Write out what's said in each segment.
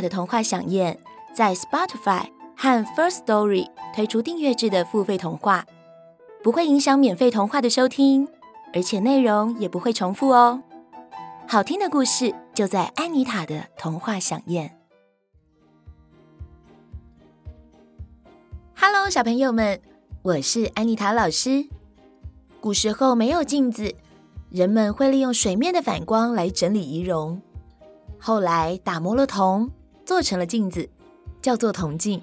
的童話饗宴，在 Spotify 和 First Story 推出訂閱制的付費童話，不會影響免費童話的收聽，而且內容也不會重複哦。好聽的故事就在安妮塔的童話饗宴。Hello，小朋友們，我是安妮塔老師。古時候沒有鏡子，人們會利用水面的反光來整理儀容。後來打磨了銅。做成了鏡子，叫做銅鏡，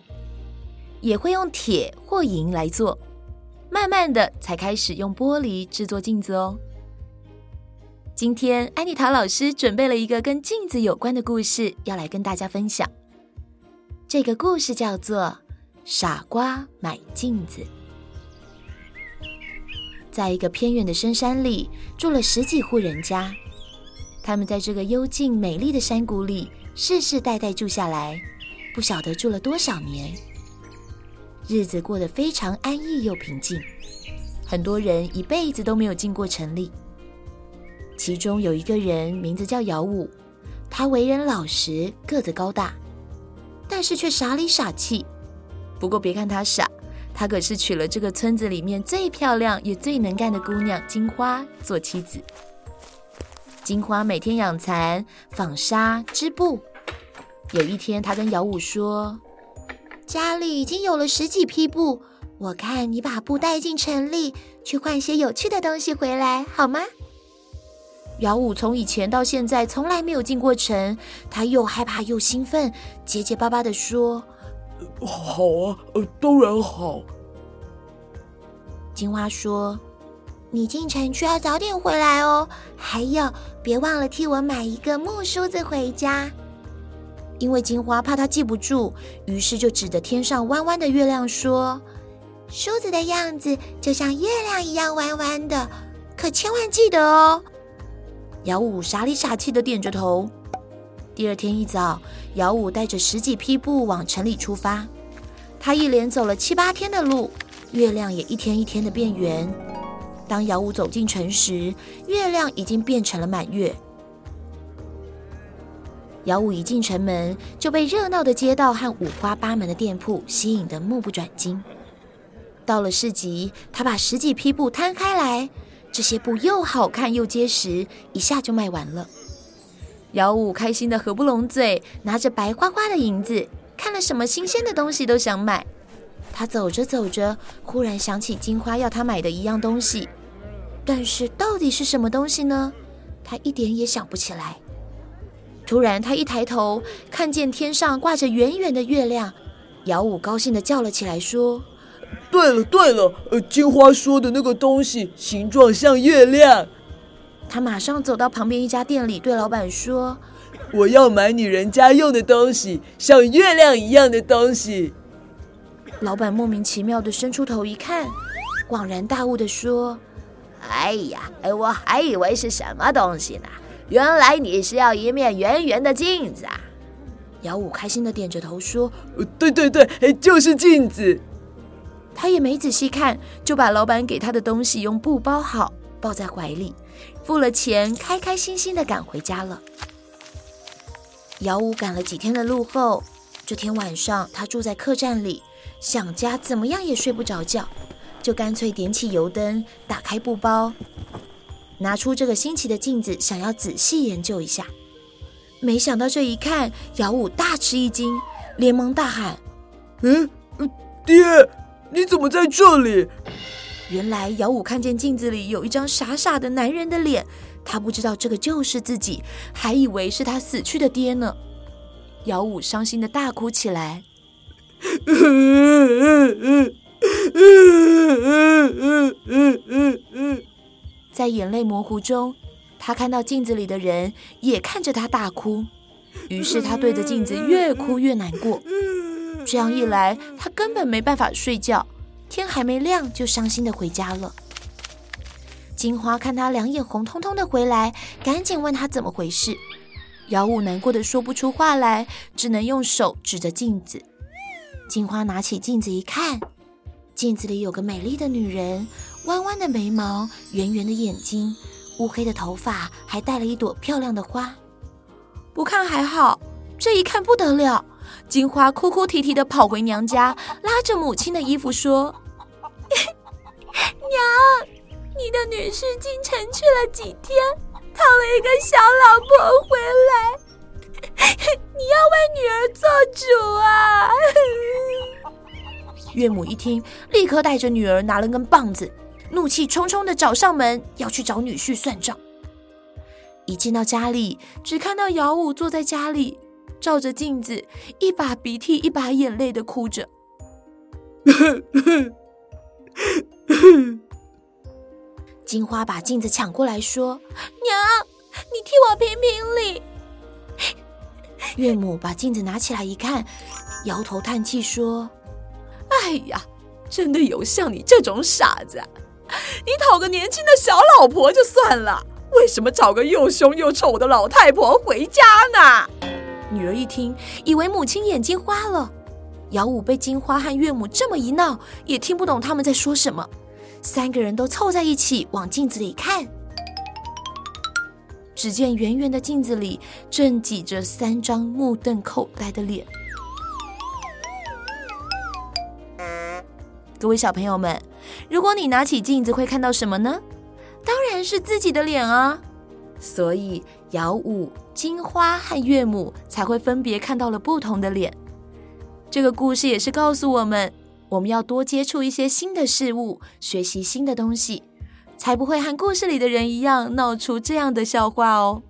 也會用鐵或銀來做。慢慢的才開始用玻璃製作鏡子哦。今天安妮塔老師準備了一個跟鏡子有關的故事，要來跟大家分享。這個故事叫做《傻瓜買鏡子》。在一個偏遠的深山裡，住了十幾戶人家，他們在這個幽靜美麗的山谷裡。世世代代住下來，不曉得住了多少年。日子過得非常安逸又平靜。很多人一輩子都沒有進過城裡。其中有一個人，名字叫姚武，他為人老實，個子高大，但是卻傻裡傻氣。不過別看他傻，他可是娶了這個村子裡面最漂亮也最能幹的姑娘金花做妻子。金花每天養蠶、紡紗、織布。有一天，她跟姚五說：“家裡已經有了十幾匹布，我看你把布帶進城裡去換些有趣的東西回來，好嗎？”姚五從以前到現在從來沒有進過城，他又害怕又興奮，結結巴巴地說：“好啊，呃，當然好。”金花說。你進城去要早點回來哦，還有別忘了替我買一個木梳子回家。因為金花怕他記不住，於是就指着天上彎彎的月亮說：“梳子的樣子就像月亮一樣彎彎的，可千萬記得哦。”姚武傻裡傻氣的點着頭。第二天一早，姚武帶着十幾匹布往城裡出發。他一連走了七八天的路，月亮也一天一天的變圓。當姚武走進城時，月亮已經變成了滿月。姚武一進城門，就被熱鬧的街道和五花八門的店鋪吸引得目不轉睛。到了市集，他把十幾匹布攤開來，這些布又好看又結實，一下就賣完了。姚武開心的合不攏嘴，拿着白花花的銀子，看了什麼新鮮的東西都想買。他走着走着，忽然想起金花要他買的一樣東西，但是到底是什麼東西呢？他一點也想不起來。突然，他一抬頭，看見天上掛着圓圓的月亮，姚武高興的叫了起來，說：“對了，對了，呃，金花說的那個東西，形狀像月亮。”他馬上走到旁邊一家店裡，對老板說：“我要買女人家用的東西，像月亮一樣的東西。”老闆莫名其妙的伸出頭一看，恍然大悟的說：“哎呀，哎，我還以為是什麼東西呢，原來你是要一面圓圓的鏡子啊！”姚五開心的點着頭說：“哦，對對對，哎，就是鏡子。”他也沒仔細看，就把老闆給他的東西用布包好，抱在懷裡，付了錢，開開心心的趕回家了。姚五趕了幾天的路後，這天晚上他住在客棧裡。想家怎麼樣也睡不着覺，就乾脆點起油燈，打開布包，拿出這個新奇的鏡子，想要仔細研究一下。沒想到這一看，姚武大吃一驚，連忙大喊嗯：“嗯，爹，你怎麼在這裡？”原來姚武看見鏡子裡有一張傻傻的男人的臉，他不知道這個就是自己，還以為是他死去的爹呢。姚武傷心地大哭起來。 在眼淚模糊中，他看到鏡子裡的人也看着他大哭。於是他對着鏡子越哭越難過。這樣一來，他根本沒辦法睡覺。天還沒亮，就傷心的回家了。金花看他兩眼紅彤彤的回來，趕緊問他怎麼回事。姚武難過的說不出話來，只能用手指着鏡子。金花拿起鏡子一看，鏡子裡有個美麗的女人，彎彎的眉毛，圓圓的眼睛，烏黑的頭髮，還戴了一朵漂亮的花。不看還好，這一看不得了。金花哭哭啼啼地跑回娘家，拉着母親的衣服說：“娘，你的女婿進城去了幾天，討了一個小老婆回來，你要為女兒做主啊！”岳母一聽，立刻帶着女兒拿了根棒子，怒氣沖沖的找上門，要去找女婿算賬。一進到家裡，只看到姚五坐在家裡，照着鏡子，一把鼻涕一把眼淚的哭着。 金花把鏡子搶過來，說：“娘，你替我評評理。 ”岳母把鏡子拿起來一看，搖頭嘆氣說。哎呀，真的有像你這種傻子啊！你討個年輕的小老婆就算了，為什麼找個又凶又醜的老太婆回家呢？女兒一聽，以為母親眼睛花了。姚武被金花和岳母這麼一鬧，也聽不懂他們在說什麼。三個人都湊在一起往鏡子裡看，只見圓圓的鏡子裡正擠着三張目瞪口呆的臉。各位小朋友們，如果你拿起鏡子，會看到什麼呢？當然是自己的臉啊！所以姚武、金花和岳母才會分別看到了不同的臉。這個故事也是告訴我們，我們要多接觸一些新的事物，學習新的東西，才不會和故事裡的人一樣鬧出這樣的笑話哦。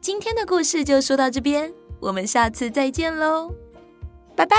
今天的故事就說到這邊，我們下次再見嘍，拜拜。